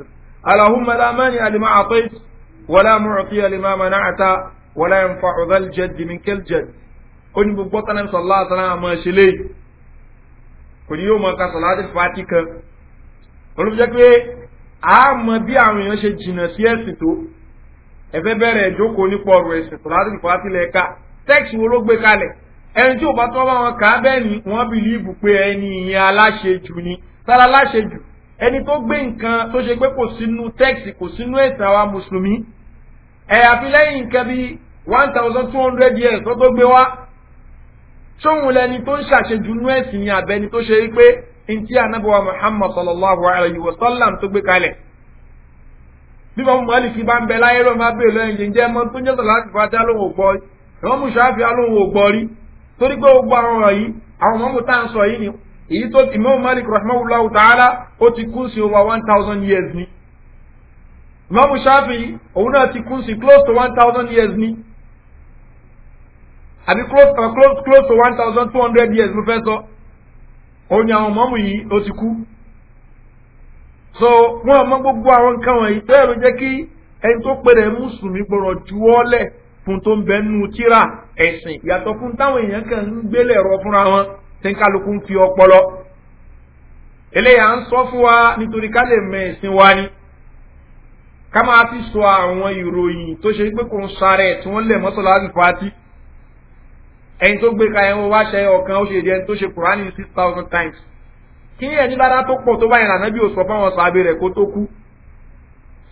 اللهم لا مانع لما أعطيت ولا معطي لما منعت ولا ينفع ذا الجد منك الجد كن ببطن صلى الله عليه وسلم شلي كن يوم كصلاة الفاتحة olùkọ́ jẹ́ pé a mọ bí àwọn èèyàn ṣe jìnnà sí ẹ̀sìn tó ẹ̀fẹ́ bẹ̀rẹ̀ ìjókòó nípa ọ̀rọ̀ ẹ̀sìn tó láti fà á sílẹ̀ ká tẹ́ẹ̀sì wo ló gbé kalẹ̀ ẹni tí ò bá tọ́ bá wọn kà á bẹ́ẹ̀ ni wọ́n bìlíìbù pé ẹni ìyẹn aláṣejù ni sára aláṣejù ẹni tó gbé nǹkan tó ṣe pé kò sínú tẹ́ẹ̀sì kò sínú ẹ̀sìn àwa mùsùlùmí ẹ̀ àfi lẹ́yìn nǹkan bíi one thousand two hundred years tó tó gbé wá ṣóhun lẹni tó ń ṣàṣejù nú ẹ̀sìn ní abẹni tó ṣe pé ntí anábọ̀wá muhammad sallallahu alayhi wa sallam tó gbé kalẹ̀ bí wọn bá ń bẹ láyé máa bèèrè lọ́yìn mọ́ tó ń jẹ́ sọ̀lá lóhùn rí èyí tó imam malik rahmanulahu ta'ala ó ti kún sí over one thousand years ni imam shafi òun náà ti kún sí close to one thousand years ni àbí close, uh, close, close to one thousand two hundred years ló fẹ́ sọ òun ni àwọn mọ́mù yìí ó ti kú so wọn mọ gbogbo àwọn nǹkan wọ̀nyí bẹ́ẹ̀ ló jẹ́ kí ẹni tó pèrè mùsùlùmí gbọ́dọ̀ juwọ́lẹ̀ fún tó ń bẹ́ẹ̀ nu tíra ẹ̀sìn yàtọ̀ fún táwọn èèyàn kan ń gbélé ẹ̀rọ fúnra wọn tí ń kálukú ń fi ọpọlọ eléyà ń sọ fún wa nítorí ká lè mẹ ìsìn wa ni ká máa fi sọ àwọn ìròyìn tó ṣe pé kò ń sáré tí wọ́n lè mọ́sọ̀láàdì fati ẹni tó gbé ka ẹ̀wọ̀n wáṣẹ ọ̀kan ó ṣe di ẹni tó ṣe kùránì six thousand times kí ẹni lára tó pọ̀ tó báyìí lànà bí ó sọ fáwọn sàbẹ̀ rẹ̀ kó tó kú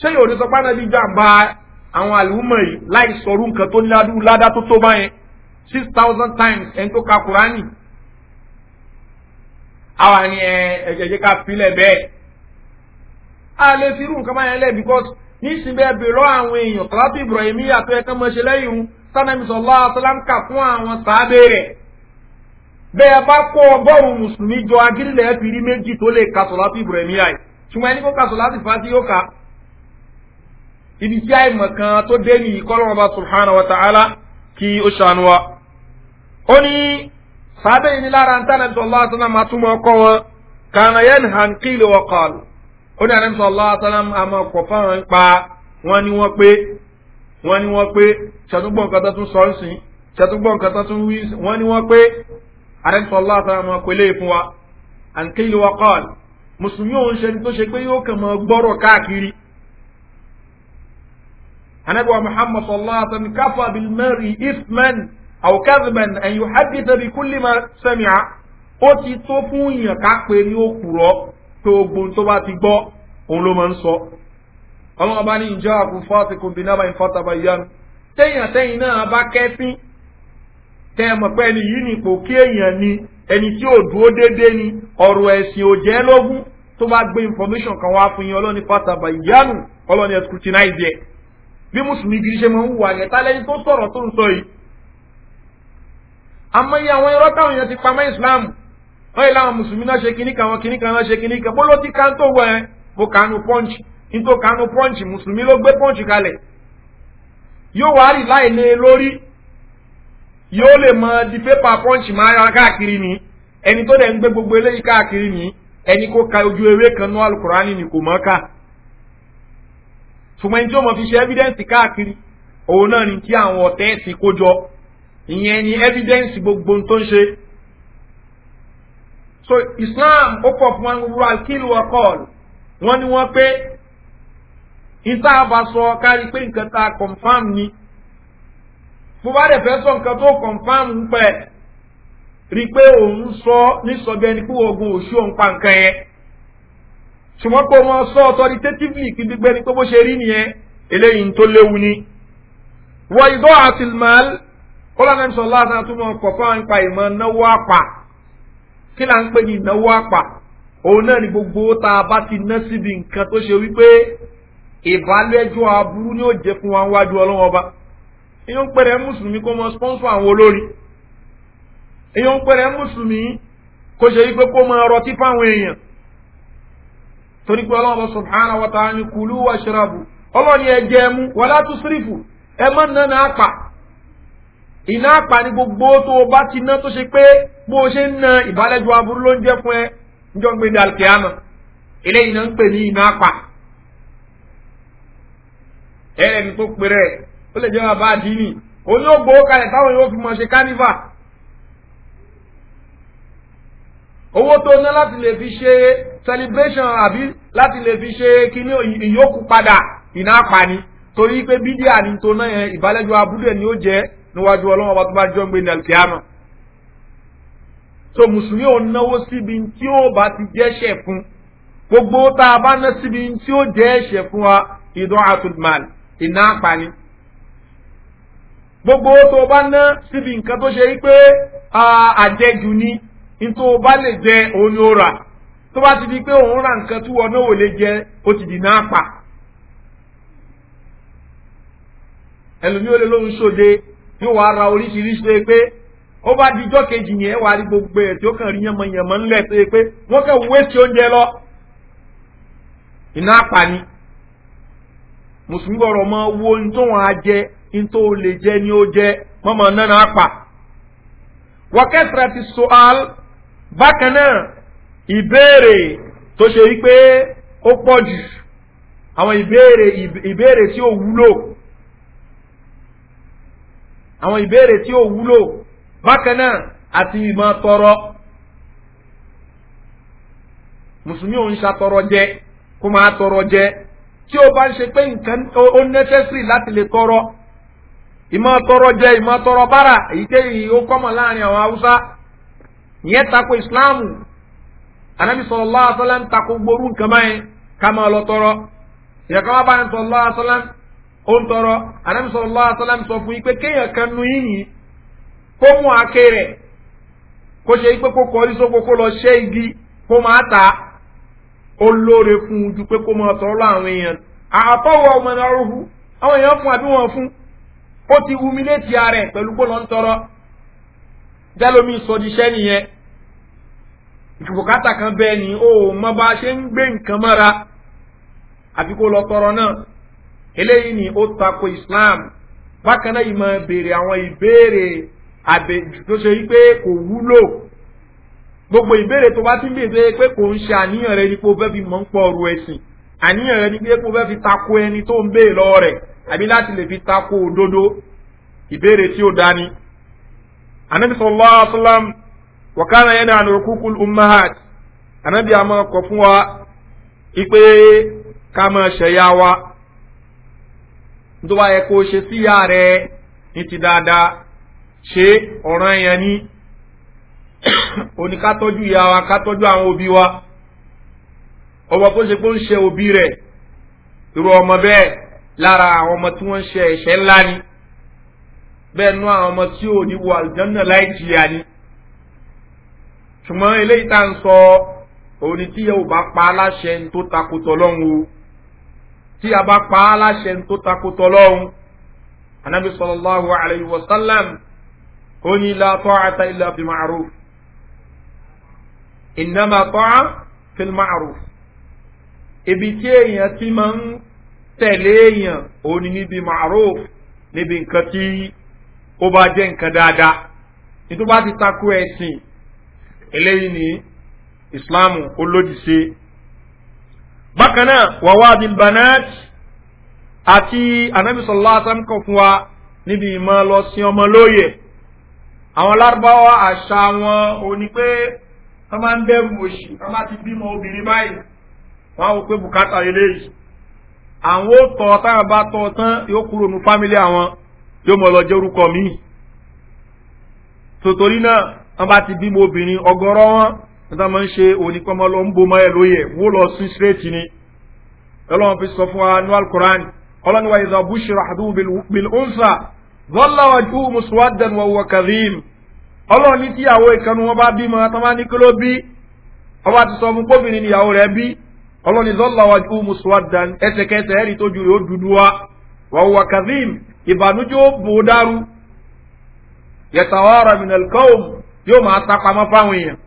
ṣé yóò ní sọ pé bí jàǹbá àwọn six thousand times ẹni àwa ni ẹ̀jẹ̀ ká filẹ̀ bẹ́ẹ̀ a lè fi irú nǹkan nle lẹ̀ because nísìnyí bèrọ àwọn èèyàn tọ́látù ibrahim yàtọ̀ ẹ̀ka mọ̀ ṣe lẹ́yìn irun sanami sọlá asọlámkà fún àwọn sàábẹ̀ rẹ̀ bẹ́ẹ̀ bá kó ọgọ́rùn mùsùlùmí jọ fi rí méjì tó lè ka tọ́látù ibrahim yà yìí ṣùgbọ́n ẹni kó ka tọ́látù fati yóò ka ibi tí àìmọ̀ kan tó dé nìyí kọ́lọ́mọba ta'ala kí ó sábẹ́ yìí ni lára ń tánà sọ lọ́wọ́ sọ́nà máa túmọ̀ ọkọ wọn kànáà yẹn hàn kílì wọ́n kọ́l ó ní àdéhùn sọ lọ́wọ́ sọ́nà àmọ́ ọkọ̀ fáwọn ń pa wọ́n ní wọ́n pé wọ́n ní wọ́n pé ṣàtúgbọ̀n nǹkan tó tún sọ ń sìn ṣàtúgbọ̀n nǹkan tó tún wí wọ́n ní wọ́n pé àdéhùn sọ lọ́wọ́ sọ́nà àmọ́ pélé fún wa hàn kílì wọ́n أو كذبا أن يحدث بكل ما سمع o ti tó fún ka pe ni o kuro to ogun to ba ti gbo òun ló máa ń ọlọ́run bá ní ìjọ àkùnfọ́ àti kùnbínábà ìfọ́tàbà ìyanu téèyàn téèyàn náà bá kẹ́sìn tẹ́ mọ̀ pé ẹni yìí ni ẹni tí ò dúró ni ọ̀rọ̀ ẹ̀sìn ò lógún tó bá gbé information kan wá fún yín ọlọ́ni ìyanu ọlọ́ni ẹ̀ scrutinize bí mùsùlùmí ṣe máa ń wù tó àmọye àwọn irọ́ táwọn èèyàn ti pamọ́ islam wọ́n yìí láwọn mùsùlùmí náà ṣe kíníkà wọn kíníkà náà ṣe kíníkà bó ló ti ká tó wọ ẹ mo kànú kanu nítorí musulmi mùsùlùmí ló gbé kalẹ̀ yóò wá rí láì lé lórí yóò lè mọ di pépà pọ́ǹchì máa ra káàkiri ni ẹni tó dẹ̀ ń gbé gbogbo eléyìí káàkiri ni ẹni kó ka ojú ewé kan náà alukurani ni kò mọ́ ká ṣùgbọ́n ẹni tí ó mọ̀ fi ṣe evidence káàkiri òun náà ni kí àwọn ọ̀tẹ́ ẹ̀sìn ìyẹn ni evidence gbogbo tó ń ṣe so islam ó pọ̀ fún wọn gbogbo alkil wa kọ́ọ̀lù wọ́n ní wọ́n pé ìta àbàsọ kárí pé nǹkan ta confam ni bó bá dẹ̀ fẹ́ sọ nǹkan tó confam ń pẹ́ rí i pé òun sọ nísọgbẹ́ni pé oògùn òṣù òun pa nǹkan yẹn ṣùgbọ́n pé wọ́n sọ authoritatively kí gbígbẹ́ni pé bó ṣe rí nìyẹn eléyìí tó léwu ni wọ́n ìdọ́ àtìlmọ́lì kọ́lá náà sọ láàtà tó mọ̀ kọ̀ọ̀kan à ń pa ìmọ̀ náwó àpà kí là ń pè ní ìnáwó àpà òun náà ni gbogbo tá a bá ti ná síbi nǹkan tó ṣe wípé ìbálẹ́jọ́ aburú ni ó jẹ́ fún wa wájú ọlọ́wọ́ ọba èyàn ń pẹ̀rẹ̀ mùsùlùmí kó mọ spọ́nsọ̀ àwọn olórin èyàn ń pẹ̀rẹ̀ mùsùlùmí kó ṣe wípé kó mọ ọrọ̀tí fáwọn èèyàn torí pé ọlọ́wọ́ subhana wa ta'ani kulu wa shirabu ọlọ́ni ẹ jẹ́ mu wàlá tún sírífù nánà àpà iná apani gbogbo tó o bá ti ná tó ṣe pé bó o ṣe ń na ìbálẹ́jọ aburú ló ń jẹ́ fún ẹ níjọ́ ń gbé ní alkeama eléyìí náà ń pè ní iná apà ẹlẹ́ni tó pè rẹ̀ ó lè jẹ́ bàbá àdínì òun yóò gbowó kalẹ̀ táwọn yóò fi mọ̀ ṣe kánífà owó tó ná láti lè fi ṣe celebration àbí láti lè fi ṣe kíní ìyókù padà iná apani torí pé bídíà ni tó ná yẹn ìbálẹ́jọ abúlé ni ó jẹ́ níwájú ọlọ́wọ́n bá tó bá jọ ń gbé ní alkiyama so mùsùlùmí ò náwó síbi tí ó bá ti jẹ́ṣẹ̀ fún gbogbo tá a bá ná síbi tí ó jẹ́ṣẹ̀ fún wa ìdán àtúntàn iná apani gbogbo tó bá ná síbi nǹkan tó ṣe wípé àjẹjù ni nítorí o bá lè jẹ òun ni ó rà tó bá ti di pé òun ra nǹkan tí wọn náà ò lè jẹ ó ti dì náà pa ẹlòmí lè lóun ṣòde yóò wá ra oríṣiríṣi tó yẹ pé ó bá dijọ́ kejì yẹn wà á rí gbogbo ẹ̀ tí ó kàn rí yànmọ̀yànmọ̀ ńlẹ̀ tó yẹ pé wọ́n kàn wéṣì oúnjẹ lọ iná apani mùsùlùmí gbọ́dọ̀ mọ wo ní tó wọn á jẹ ní tó lè jẹ ní o jẹ mọ́mọ́ náà ti al bákan náà ìbéèrè tó ṣe wípé ó pọ̀ jù àwọn ìbéèrè ìbéèrè tí wúlò. àwọn ìbéèrè tí ó wúlò bákan náà àti ìmọ̀ tọrọ mùsùlùmí ò ń ṣàtọrọ jẹ kó máa tọrọ jẹ tí ó bá ń ṣe pé nǹkan ó nẹ́sẹ̀sìrì láti lè tọrọ ìmọ̀ tọrọ jẹ ìmọ̀ tọrọ bára èyíkéyìí ó kọ́mọ̀ láàrin àwọn haúsá ìyẹn tako ìsìláàmù anabi sọlọ́lá asọ́lá ń tako gboru nǹkan báyẹn ká máa lọ tọrọ ìyẹn ká wá báyẹn sọlọ́lá asọ́lá ó ń tọrọ anamisọ lọ́wọ́ ikpe sọ fún yín pé kéèyàn kan nu yín yìí kó mú kó igi kó máa ta ó lóore fún ju pé kó máa tọrọ àwọn èèyàn àpọ̀wọ̀ ọmọ náà rú àwọn èèyàn fún àbí wọn fún ti humilétí ara ẹ̀ pẹ̀lú pé ń tọrọ jálómi nìyẹn kan ni ó ṣe ń gbé nǹkan eléyìí ni ó tako islam bákan náà ìmọ̀ béèrè àwọn ìbéèrè àbẹ̀jù tó ṣe wípé kò wúlò gbogbo ìbéèrè tó bá ti ń bèèrè pé kò ń ṣe àníyàn rẹ ni o fẹ́ fi mọ̀ ń pọ̀ ọ̀rọ̀ ẹ̀sìn àníyàn rẹ ni o fẹ́ fi tako ẹni tó ń béè lọ rẹ̀ àbí láti lè fi tako òdodo ìbéèrè tí ó dání. anabi sallallahu asalam wakana yẹn náà nùrùkú umahat anabi fún wa tó bá yẹ kó o ṣe síyá rẹ ní ti dáadáa ṣe ọ̀ràn yẹn ní òní ìyá wa ká tọ́jú àwọn òbí wa ọmọ tó ṣe pé ó ń ṣe òbí rẹ̀ irú ọmọ bẹ́ẹ̀ lára àwọn ọmọ tí wọ́n ń ṣe ẹ̀ṣẹ̀ ńlá ni bẹ́ẹ̀ nú àwọn ọmọ tí ò ní wọ àlùjọ́nà láì jìyà ni ṣùgbọ́n eléyìí tá à sọ òní tí yẹ ò bá pa aláṣẹ tó takò tọ́lọ́hún o tí a bá pa á láṣẹ tó takotọ lọ́hùn anabi sallallahu alayhi wa sallam ó ní la tọ́cata ilà fi ma'aruf ìnáma tọ́ca fi ma'aruf ibi tí èèyàn ti máa ń tẹ̀lé èèyàn ó ní níbi ma'aruf níbi nǹkan tí ó bá jẹ́ nǹkan dáadáa nítorí bá ti takò ẹ̀sìn eléyìí ní ìsìláàmù ó bákan náà wàwá bilbanat àti anabi sọlá asánkọ fún wa níbi ìmọ̀ lọ sí ọmọ lóye àwọn lárúbáwá àṣà wọn ò ní pé wọ́n máa ń bẹ̀rù òṣì wọ́n bá ti bímọ obìnrin báyìí wọ́n á wò pé bùkátà eléyìí àwọn ó tọ̀ táwọn bá tọ̀ tán yóò kúrò nu fámílì àwọn yóò mọ̀ lọ jẹ́ orúkọ míì tòtòrí náà wọ́n bá ti bímọ obìnrin ọgọ́rọ́ wọn níta máa ń ṣe òní pọ́nmọ́ lọ ń bomọ́ ẹ lóye wó lọ sí sírètì ni ọlọ́run fi sọ fún wa ní alukoran ọlọ́run wa ìzà bushra àdúgbò bilhunsa zọ́láwájú musuwadan wa wọ kazeem ọlọ́run ní tí ìyàwó ìkànnì wọn bá bímọ àtàwọn ní kíló bí ọba ti sọ fún kóbìnrin ìyàwó rẹ bí ọlọ́run ní zọ́láwájú musuwadan ẹsẹ̀kẹsẹ̀ ẹ̀rí tójú rẹ̀ ó dúdú wa wa wọ kazeem ìbànújẹ́ ó bò dáru yẹtàwárà mìnàlkọ́ọ̀mù yóò máa tapamọ́ fáwọn èèyàn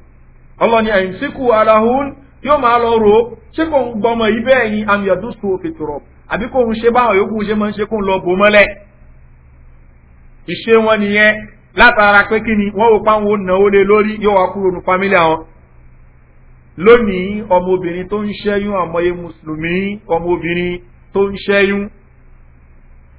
ọlọ́ni àyìnsíkù aláhùn yóò máa lọ rò ó ṣé kò ń gbọmọ yìí bẹ́ẹ̀ ni àmìyàdú sọ fìtòrọ̀ àbí kò ń ṣe báwọn yòókù ṣe máa ń ṣe kó ń lọ bò mọ́lẹ̀ ìṣe wọn nìyẹn látara pé kí ni wọ́n ò páwọn náwó lé lórí yóò wá kúrò ní fámílì àwọn lónìí ọmọbìnrin tó ń ṣẹ́yún àmọ́yé mùsùlùmí ọmọbìnrin tó ń ṣẹ́yún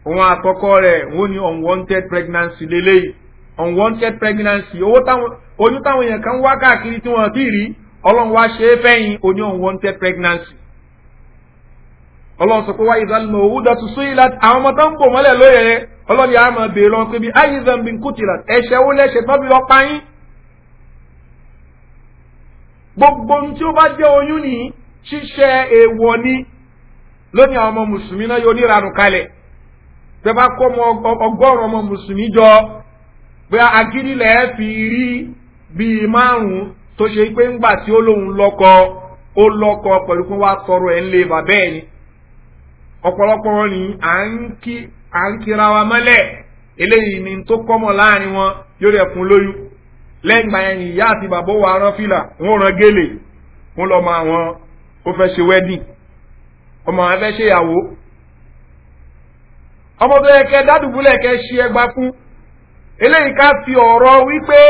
òun àkọ́kọ́ rẹ̀ wọ́n ní unwanted pregnancy lélẹ́yìí unwanted pregnancy owó táwọn oyún táwọn èèyàn kan wá káàkiri tí wọn ti rí ọlọ́run wá ṣe é fẹ́yìn oní unwanted pregnancy ọlọ́run sọ pé wáyé ìdánimọ̀ owó dàtú sí ilá àwọn ọmọ tó ń bò mọ́lẹ̀ lóye ọlọ́run yàrá máa béèrè lọ pé bí ayé ìdánimọ̀ ń kùtìlà ẹ̀ṣẹ̀ wo lẹ́ṣẹ̀ tó fi lọ pa yín gbogbo ohun tí ó bá jẹ́ oyún ní ṣíṣe èèwọ̀ ni lónìí àwọn ọmọ mùsùlùmí náà yóò pé agídí lẹ́ẹ̀ fi rí bíi márùn-ún tó ṣe pé ńgbà tí ó lóun lọ́kọ ó lọ́kọ pẹ̀lú pé wá tọrọ ẹ̀ ń lè bàbá ẹ̀ ni ọ̀pọ̀lọpọ̀ ni à ń kíra wa mọ́lẹ̀ eléyìí ni tó kọ́mọ̀ láàrin wọn yóò rẹ̀ kún lóyún lẹ́yìn ìgbà yẹn ìyá àti bàbá wa rán fìlà wọ́n rán gèlè wọ́n lọ́ọ́ máa wọn ó fẹ́ ṣe wẹ́dìn ọmọ àwọn fẹ́ ṣe ìyàwó ọmọ tó yẹ dádùbúlẹ̀ kẹ ṣe ẹgbàá fún eléyìí ká fi ọ̀rọ̀ wípé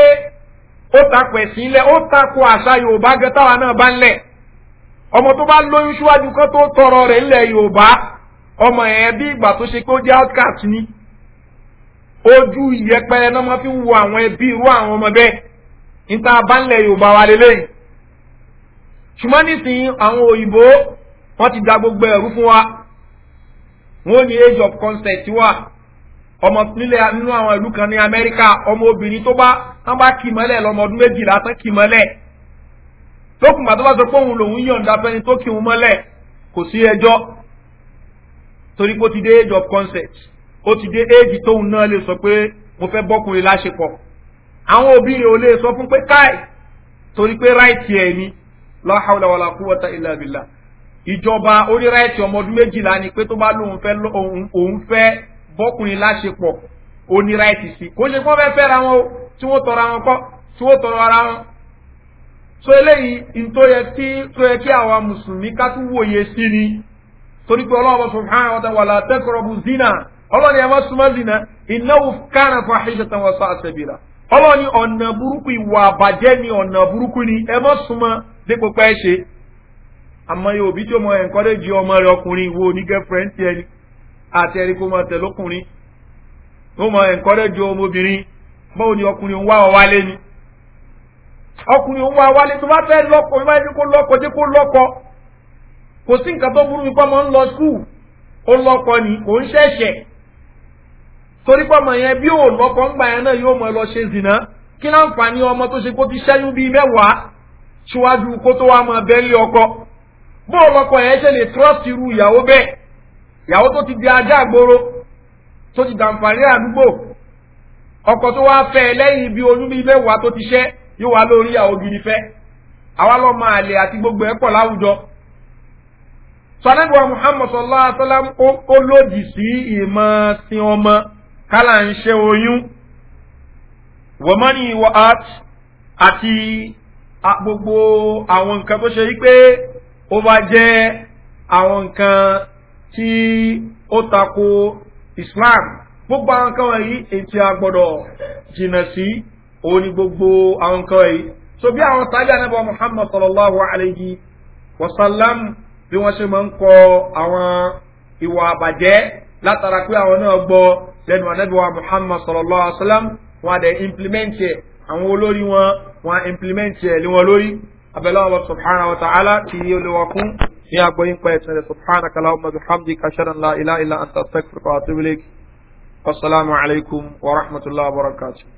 ó takò ẹ̀sìn lẹ̀ ó takò àṣà yorùbá gan táwa náà bá ń lẹ̀ ọmọ tó bá lóyún síwájú kan tó tọrọ rẹ̀ ńlẹ̀ yorùbá ọmọ yẹn bí ìgbà tó ṣe pé ó jẹ́ outcast ni ojú ìyẹpẹrẹ náà máa fi ń wo àwọn ẹbí irú àwọn ọmọ bẹ́ẹ̀ níta bá ń yorùbá wa lélẹ́yìn ṣùgbọ́n nísìnyí àwọn òyìnbó wọ́n ti da gbogbo ẹ̀rú fún wa wọ́n ní age of consent wà ọmọ nílẹ̀ nínú àwọn ìlú kan ní amẹ́ríkà ọmọ obìnrin tó bá wọ́n bá kì mọ́lẹ̀ lọ́mọ ọdún méjìlá tán kì mọ́lẹ̀ lókùnbà tó bá sọ pé òun lòun yọ̀ǹda fẹ́ni tó kì òun mọ́lẹ̀ kò sí ẹjọ́ torí pé ó ti dé age of consent ó ti dé age tóun náà lè sọ pé mo fẹ́ bọ́kùnrin láṣepọ̀ àwọn òbí rẹ̀ ò lè sọ fún pé káì torí pé ráìtì ẹ̀ ni láhàlàwàlà kú wọ́ta ilẹ̀ ìjọba orí ráìtì ọmọ ọdún méjìlá ni pé tó bá lóun fẹ́ bọ́kùnrin láṣepọ̀ ó sí kó ṣe fẹ́ wọn o tí wọ́n tọrọ wọn kọ́ tí tọrọ ara so eléyìí n tó yẹ kí tó yẹ kí àwa mùsùlùmí ká tún wòye sí wà bù zina ọlọ́ni ẹ̀ má zina ìnáwó fún tán wọ́n sọ àṣẹbìrà ọlọ́ni ọ̀nà burúkú ìwà àbàjẹ́ ni ọ̀nà burúkú ni ẹ má súnmọ́ pẹ́ ṣe àmọ́ yóò bí tí ju àti ẹni kó máa tẹ̀ lókùnrin ó máa ẹ̀ńkọ́rẹ́jọ ọmọbìnrin báwo ni ọkùnrin ń wá ọ wálé ni ọkùnrin ń wá wálé tó bá fẹ́ lọ́kọ bí bá kó lọ́kọ jẹ́ kó kò sí nǹkan tó burú mi ń lọ ó ni kò ń ṣẹ̀ṣẹ̀ torí pọ́ yẹn bí ò lọ́kọ ń gbà yẹn náà yóò mọ̀ lọ ṣe zìnà kí láǹfààní ọmọ tó ṣe kó ṣẹ́yún bíi mẹ́wàá ṣíwájú kó tó wá máa ìyàwó tó ti di ajá àgboro tó ti dànfààní àdúgbò ọkọ̀ tó wá fẹ́ lẹ́yìn bí oyún bíi mẹ́wàá tó ti ṣẹ́ yóò wá lórí ìyàwó gidi fẹ́ àwa lọ máa lè àti gbogbo ẹ̀ pọ̀ láwùjọ. sọ̀nẹ́gbọ̀n muhammed sọlá asọ́lám ó lòdì sí ìmọ̀ sin ọmọ kálá ń ṣe oyún wọ̀mọ́nì wọ art àti gbogbo àwọn nǹkan tó ṣe yí pé ó bá jẹ́ àwọn nǹkan tí ó tako islam gbogbo àwọn nǹkan wọ̀nyí ètí a gbọ́dọ̀ jìnà sí òun ni gbogbo àwọn nǹkan wọ̀nyí so bí àwọn sáájú anábọ̀ muhammad sallallahu alayhi wa sallam bí wọ́n ṣe máa ń kọ àwọn ìwà àbàjẹ́ látara pé àwọn náà gbọ́ lẹ́nu anábíwá muhammad sallallahu alayhi wa sallam wọn àdẹ implement ẹ̀ àwọn olórí wọn wọn implement ẹ̀ lé wọn lórí abẹ́lẹ́ wọn subhanahu wa ta'ala kì í olówó fún ní agbóyin pa ẹ̀sìn rẹ̀ subhanaka lahumma bihamdi kasharan la ilaha illa anta astaghfiruka wa atubu ilayk wasalaamu alaykum wa rahmatullahi wa barakatuh.